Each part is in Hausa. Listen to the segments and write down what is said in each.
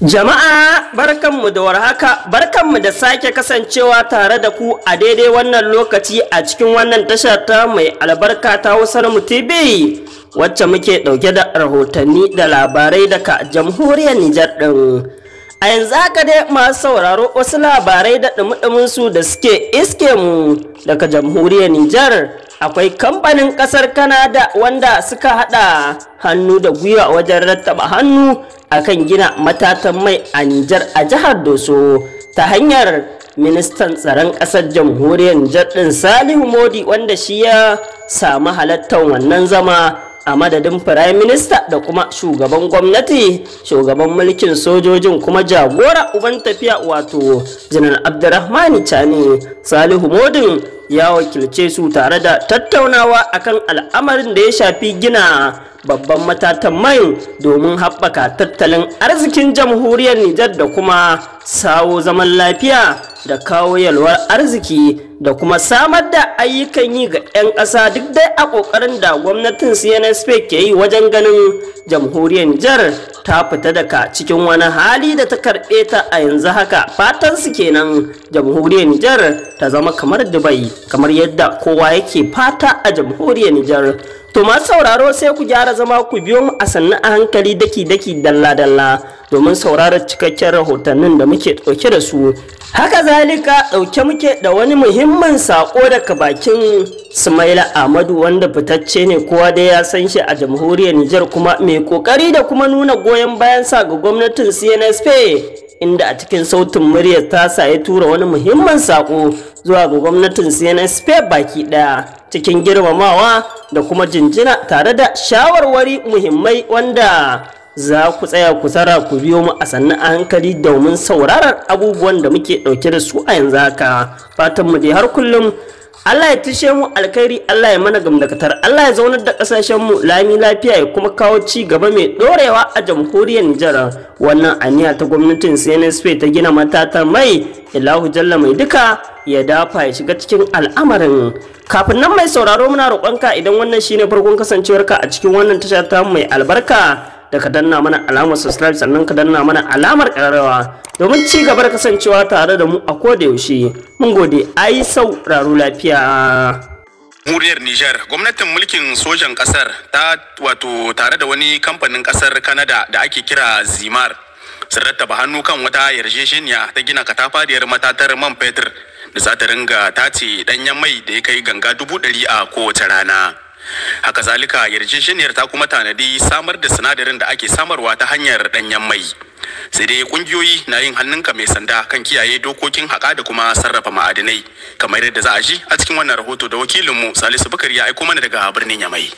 Jama'a barkanmu da warhaka barkanmu da sake kasancewa tare da ku a daidai wannan lokaci a cikin wannan tasha ta mai albarka ta Hausar mu TV wacce muke dauke da rahotanni da labarai daga jamhuriyar Nijar ɗin? A yanzu haka dai masu sauraro wasu labarai da ɗumi su da suke iske mu daga jamhuriyar Nijar. Akwai kamfanin ƙasar Kanada wanda suka haɗa hannu da gwiwa wajen rattaba hannu akan gina matatan mai a Nijar a jihar Doso ta hanyar ministan tsaron ƙasar jamhuriyar Nijar ɗin Salihu Modi wanda shi ya samu halattar wannan zama a madadin firayim minista da kuma shugaban gwamnati shugaban mulkin sojojin kuma jagora uban tafiya wato janar abdurrahmani chani salihu modin ya wakilce su tare da tattaunawa akan al'amarin da ya shafi gina babban matatan mai domin haɓaka tattalin arzikin jamhuriyar Nijar da kuma sawo zaman lafiya da kawo yalwar arziki da kuma samar da ayyukan yi ga 'yan ƙasa duk dai a ƙoƙarin da gwamnatin CNSP ke yi wajen ganin jamhuriyar Nijar ta fita daga cikin wani hali da ta karɓe ta a yanzu haka fatan su kenan jamhuriyar Nijar ta zama kamar Dubai. kamar yadda kowa yake fata a jamhuriyar Nijar. To masu sauraro sai ku gyara zama ku biyo mu a sannu a hankali daki-daki dalla-dalla domin sauraron cikakken rahotannin da muke ɗauke da su. Haka zalika ɗauke muke da wani muhimmin saƙo daga bakin Sumaila Ahmadu wanda fitacce ne kowa da ya san shi a jamhuriyar Nijar kuma mai ƙoƙari da kuma nuna goyon bayan sa ga gwamnatin CNSP inda a cikin sautin muryar ta ya tura wani muhimman saƙo zuwa ga gwamnatin CNSP baki ɗaya cikin girmamawa da kuma jinjina tare da shawarwari muhimmai wanda za ku tsaya ku tsara ku biyo mu a sannan a hankali domin sauraron abubuwan da muke ɗauke da su a yanzu haka fatan mu dai har kullum Allah ya tushe mu alkhairi Allah ya mana gamdakatar Allah ya zaunar da kasashen mu lami lafiya ya kuma kawo ci gaba mai dorewa a jamhuriyar Nijar wannan aniya ta gwamnatin CNSP ta gina matatar mai Allahu Jalla mai duka ya dafa ya shiga cikin al'amarin kafin nan mai sauraro muna roƙonka idan wannan shine farkon kasancewarka a cikin wannan tasha ta mai albarka da ka danna mana alamar subscribe sannan ka danna mana alamar ƙararrawa domin ci gaba da kasancewa tare da mu a koda yaushe mun gode ai sauraro lafiya Muryar Nijar, gwamnatin mulkin sojan ƙasar ta wato tare da wani kamfanin ƙasar Canada da ake kira Zimar sun rattaba hannu kan wata yarjejeniya ta gina katafariyar matatar man fetur da za ta ringa tace ɗanyen mai da ya kai ganga dubu ɗari a kowace rana. haka zalika yarjejeniyar ta kuma tanadi samar da sinadarin da ake samarwa ta hanyar danyen mai sai dai kungiyoyi na yin hannun ka mai sanda kan kiyaye dokokin haƙa da kuma sarrafa ma'adinai kamar yadda za a ji a cikin wannan rahoto da wakilinmu salisu bukari ya aiko mana daga birnin yamai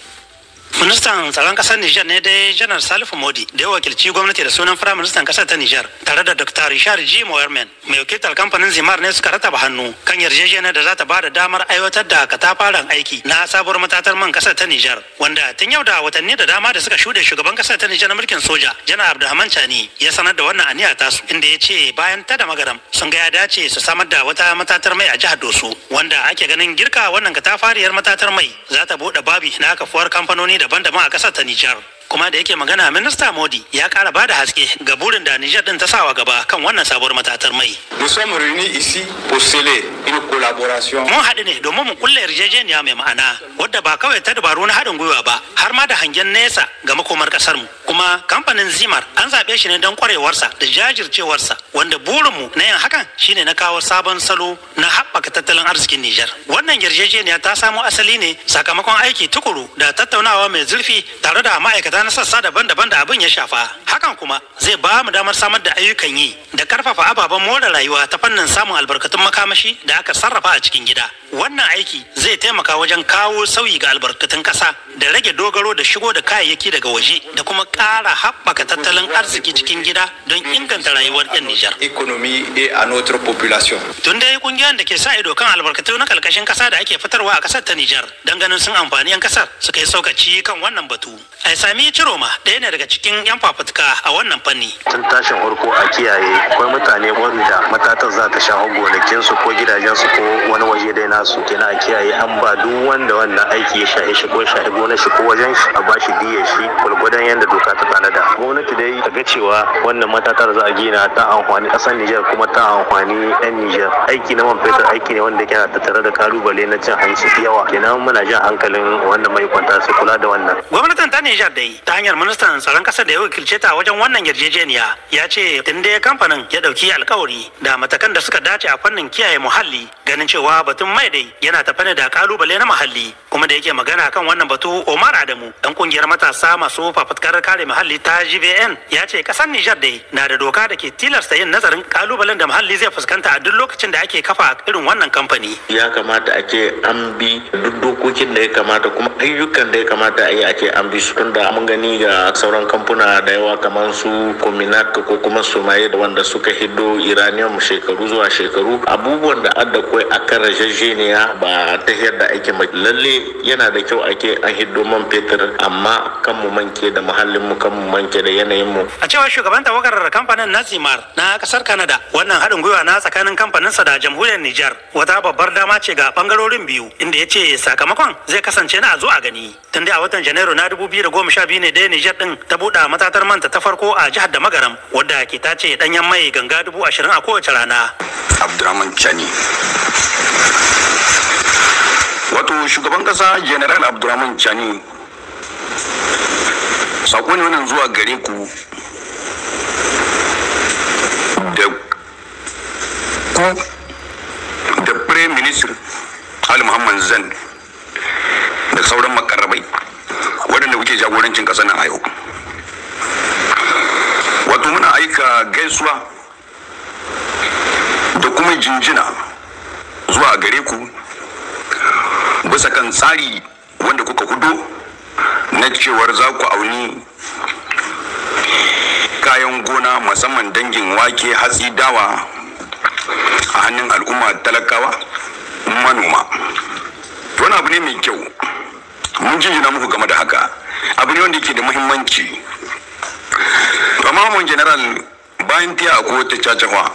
ministan tsaron kasar Nijar ne dai janar Salifu Modi da ya wakilci gwamnati da sunan firayim ministan kasar ta Nijar tare da Dr. Richard G. Moerman mai wakiltar kamfanin Zimar ne suka rataba hannu kan yarjejeniyar da za ta da damar aiwatar da katafaren aiki na sabuwar matatar man kasar ta Nijar wanda tun yau da watanni da dama da suka shuɗe shugaban kasar ta Nijar na mulkin soja janar Abdulhaman Chani ya sanar da wannan aniya tasu inda ya ce bayan ta da magaram sun ga ya dace su samar da wata matatar mai a jihar dosu. wanda ake ganin girka wannan katafariyar matatar mai za ta buɗe babi na kafuwar kamfanoni daban-daban a ƙasar ta Nijar. kuma da yake magana minista modi ya kara ba da haske ga burin da nijar din ta sawa gaba kan wannan sabuwar matatar mai nous sommes réunis ici pour sceller Mun haɗu ne domin mu kulle yarjejeniya mai ma'ana wadda ba kawai ta dabaru na haɗin gwiwa ba har ma da hangen nesa ga makomar ƙasar mu. Kuma kamfanin Zimar an zaɓe shi ne don kwarewarsa da jajircewarsa wanda mu na yin hakan shine na kawo sabon salo na haɓaka tattalin arzikin Nijar. Wannan yarjejeniya ta samo asali ne sakamakon aiki tukuru da tattaunawa mai zurfi tare da ma'aikata na sassa daban-daban da abin ya shafa. Hakan kuma zai ba mu damar samar da ayyukan yi da karfafa ababen more rayuwa ta fannin samun albarkatun makamashi da da aka sarrafa a cikin gida wannan aiki zai taimaka wajen kawo sauyi ga albarkatun kasa da rage dogaro da shigo da kayayyaki daga waje da kuma ƙara haɓaka tattalin arziki cikin gida don inganta rayuwar 'yan Nijar. Tun dai kungiyar da ke sa ido kan albarkatu na kalkashin kasa da ake fitarwa a ƙasar ta Nijar don ganin sun amfani 'yan ƙasar suka yi saukaci kan wannan batu. Ai sami Ciroma ɗaya ne daga cikin 'yan fafutuka a wannan fanni. Tun tashin farko a kiyaye akwai mutane wanda matatan za ta shaho kinsu ko gidaje wajen su ko wani waje dai nasu kenan a kiyaye an ba duk wanda wannan aiki ya shahe shi ko shahe gona shi ko wajen shi a ba shi diya shi gwargwadon yadda doka ta tanada gwamnati dai ta ga cewa wannan matatar za a gina ta amfani kasar Nijar kuma ta amfani yan Nijar aiki na man fetur aiki ne wanda yana tattare da kalubale na cin hanci yawa kenan muna jan hankalin wannan mai kwanta su kula da wannan gwamnatin ta Nijar dai ta hanyar ministan tsaron kasar da ya wakilce ta wajen wannan yarjejeniya ya ce tun da kamfanin ya dauki alkawari da matakan da suka dace a fannin kiyaye muhalli muhalli ganin cewa batun mai dai yana tafe da kalubale na muhalli kuma da yake magana kan wannan batu Omar Adamu dan kungiyar matasa masu fafutukar kare muhalli ta GBN ya ce kasar niger dai na da doka da ke tilasta yin nazarin kalubalen da muhalli zai fuskanta a duk lokacin da ake kafa irin wannan kamfani ya kamata ake an bi duk dokokin da ya kamata kuma ayyukan da ya kamata a yi ake an bi su tunda mun gani ga sauran kamfuna da yawa kamar su Kominat ko kuma sumaye da wanda suka hiddo Iranium shekaru zuwa shekaru abubuwan da adda kwai kan rajajeniya ba ta yadda ake mai lalle yana da kyau ake an hiddo man fetur amma kan mu manke da muhallin mu kan mu manke da yanayin mu a cewar shugaban tawagar kamfanin Nazimar na kasar kanada wannan haɗin gwiwa na tsakanin kamfanin sa da jamhuriyar Nijar wata babbar dama ce ga bangarorin biyu inda ya ce sakamakon zai kasance na a zo a gani tun a watan Janairu na 2012 ne da Nijar din ta buɗa matatar manta ta farko a jihar da magaram wadda ke tace danyen mai ganga dubu ashirin a kowace rana. Abdurrahman Chani wato shugaban kasa general abdurrahman chani sako ne wannan zuwa gare ku da ku da prime minister ali muhammad zan da sauran makarrabai wadanda kuke jagorancin ƙasa a yau wato muna aika gaisuwa da kuma jinjina zuwa gare ku bisa kan tsari wanda kuka hudu na cewar za ku auni kayan gona musamman dangin wake hatsi dawa a hannun al'umma talakawa manoma wani abu ne mai kyau mun jinjina muku game da haka abu ne wanda yake da muhimmanci amma mun general bayan tiya ko ta cacawa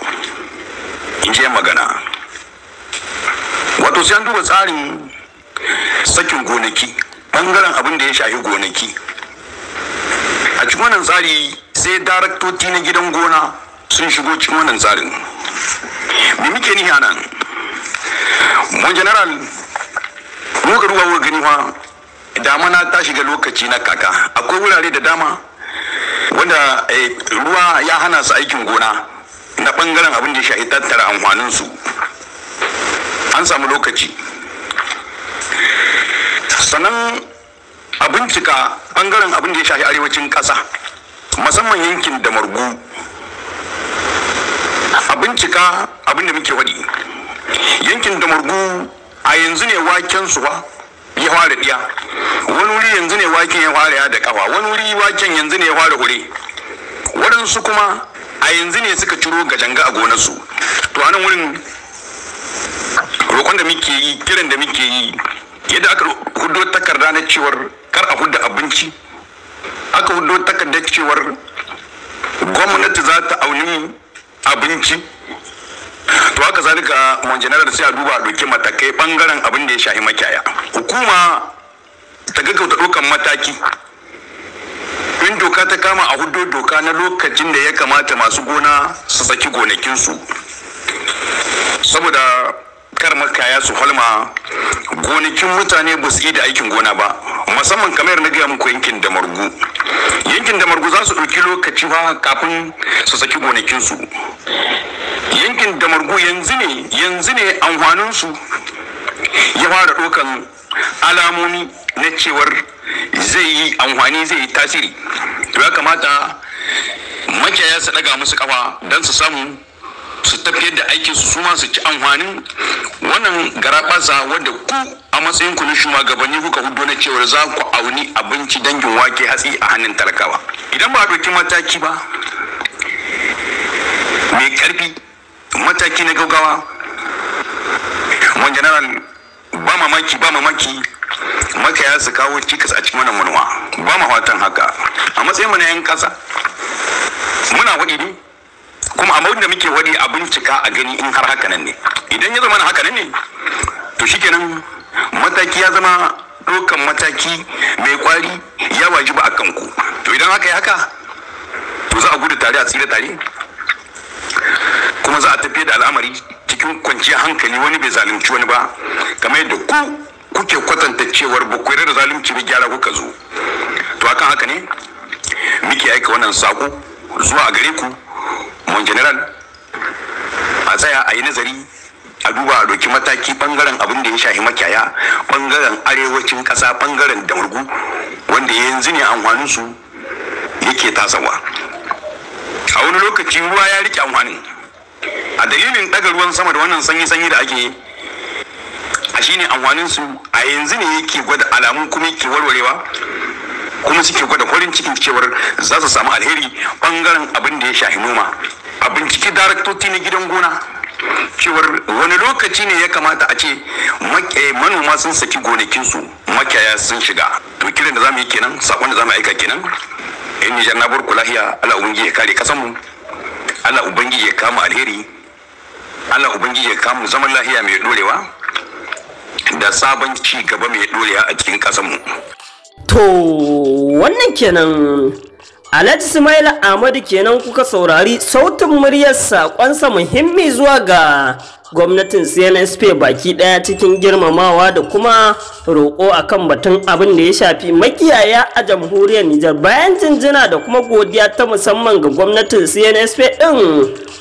in je magana to sai an duba tsarin sakin gonaki bangaren abin da ya shafi gonaki a cikin wannan tsari sai daraktoci na gidan gona sun shigo cikin wannan tsarin me muke nihi a nan mun general muka ruwa wa gani fa damana ta shiga lokaci na kaka akwai wurare da dama wanda eh, ruwa ya hana su aikin gona na bangaren abin da ya shafi tattara amfanin su an samu lokaci sannan a bincika bangaren abin da ya shafi arewacin ƙasa musamman yankin da margu a bincika abin da muke waɗi yankin da margu a yanzu ne waken su ba ya fara ɗiya wani wuri yanzu ne waken ya fara ya da kafa wani wuri waken yanzu ne ya fara hure waɗansu kuma a yanzu ne suka ciro gajanga a gonarsu to a nan wurin roƙon da muke yi kiran da muke yi yadda aka hudo takarda na cewar kar a hudda abinci aka hudo takarda cewar gwamnati za ta auni abinci to haka zalika manjanar da sai a duba a matakai bangaren abin da ya shahi makiyaya hukuma ta gaggauta ɗaukan mataki in doka ta kama a hudo doka na lokacin da ya kamata masu gona su saki gonakinsu saboda kar makaya su falma gonakin mutane ba su yi da aikin gona ba musamman kamar na gaya muku yankin da margu. yankin da margu za su ɗauki lokaci fa kafin su saki gonakinsu yankin da margu yanzu ne yanzu ne su ya fara ɗaukan alamomi na cewar zai yi amfani zai yi tasiri to ya kamata makiyaya su ɗaga musu kafa don su samu su tafiyar da aikin su su ma su ci amfanin wannan garabasa wadda ku a matsayin ku na shugabanni kuka hudu na cewar za ku auni abinci dangin wake hatsi a hannun talakawa idan ba a ɗauki mataki ba mai karfi mataki na gaugawa wani general ba mamaki ba mamaki makaya su kawo cikas a cikin wannan manuwa ba ma haka a matsayin mana yan kasa muna waɗi ne kuma abin da muke wani a bincika a gani in har haka nan ne idan ya zama haka nan ne to shikenan mataki ya zama ɗaukan mataki mai kwari ya wajibi a kanku to idan haka ya haka to za a gudu tare a tsira tare kuma za a tafiye da al'amari cikin kwanciyar hankali wani bai zalunci wani ba kamar yadda ku kuke kwatanta cewar ba ku da zalunci ba gyara kuka zo to akan haka ne muke aika wannan sako zuwa gare ku mon general a tsaya a yi nazari a duba a doki mataki bangaren abin da ya shahi makiyaya bangaren arewacin kasa bangaren damurgu wanda yanzu ne amfanin su yake tasawa a wani lokaci ruwa ya rike amfanin a dalilin daga ruwan sama da wannan sanyi-sanyi da ake a shine amfanin su a yanzu ne yake gwada alamun kuma yake warwarewa kuma suke gwada farin cikin cewar za su samu alheri bangaren abin da ya shahi noma a binciki daraktoci na gidan gona cewar wani lokaci ne ya kamata a ce eh, manoma sun saki gonakinsu makiyaya sun shiga to kiran da zamu yi kenan sakon da zamu aika kenan in Nijar janna burku lahiya Allah ubangi ya kare kasanmu Allah ubangi ya kama alheri Allah ubangi ya kama zaman lahiya mai dorewa da sabon ci gaba mai dorewa a cikin kasanmu to wannan kenan Alhaji Ismail Ahmadu kenan kuka saurari sautin muryar saƙonsa muhimmi zuwa ga gwamnatin cnsp baki daya cikin girmamawa da kuma roƙo akan batun abin da ya shafi makiyaya a jamhuriyar nijar bayan jinjina da kuma godiya ta musamman ga gwamnatin cnsp din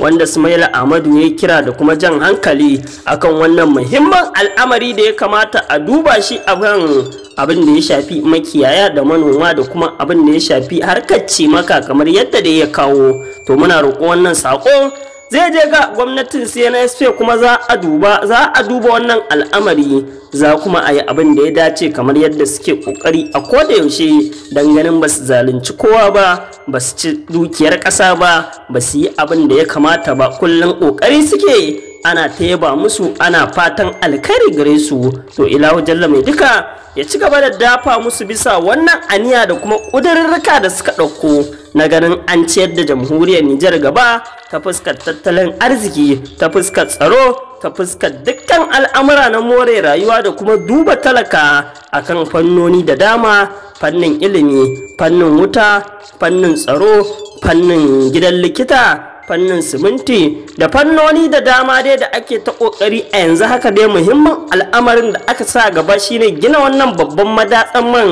wanda sumaila ahmadu ya kira da kuma jan hankali akan wannan muhimman al'amari da ya kamata a duba shi akan abin da ya shafi makiyaya da manoma da kuma abin da ya shafi harkar cimaka kamar yadda da ya kawo to muna roƙo wannan saƙo zai je ga gwamnatin cnsp kuma za a duba za a duba wannan al'amari za kuma a yi abin da ya dace kamar yadda suke kokari a koda yaushe don ganin ba su zalunci kowa ba ba su ci dukiyar ƙasa ba ba su yi abin da ya kamata ba kullum kokari suke ana ta musu ana fatan alkhairi gare su to ilahu jalla mai duka ya ci gaba da dafa musu bisa wannan aniya da kuma ƙudurruka da suka ɗauko na ganin an ciyar da jamhuriyar nijar gaba ta fuskar tattalin arziki ta fuskar tsaro ta fuskar dukkan al'amura na more rayuwa da kuma duba talaka akan fannoni da dama fannin ilimi fannin wuta fannin tsaro fannin gidan likita fannin siminti da fannoni da dama dai da ake ta kokari a yanzu haka dai muhimmin al'amarin da aka sa gaba shine gina wannan babban madatsan man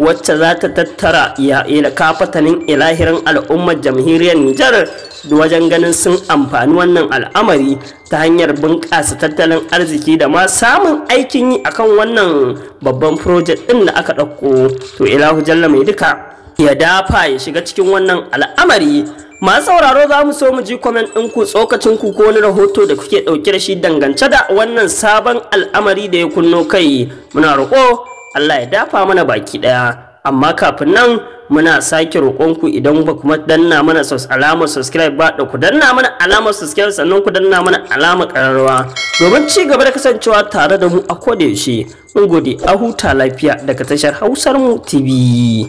wacce za ta tattara ila kafatanin ilahirin al'ummar jamhuriyar Nijar wajen ganin sun amfani wannan al'amari ta hanyar bunƙasa tattalin arziki da ma samun aikin yi akan wannan babban project ɗin da aka ɗauko to ilahu jalla mai duka ya dafa ya shiga cikin wannan al'amari masu sauraro za mu so mu ji comment ɗinku tsokacin ku ko wani rahoto da kuke ɗauke da shi dangance da wannan sabon al'amari da ya kunno kai muna roƙo Allah ya dafa mana baki ɗaya amma kafin nan muna sake roƙonku idan ba kuma danna mana alamar subscribe ba da ku danna mana alamar subscribe sannan ku danna mana alamar ƙararrawa domin ci gaba da kasancewa tare da mu a kodayaushe mun gode a huta lafiya daga tashar hausar mu tv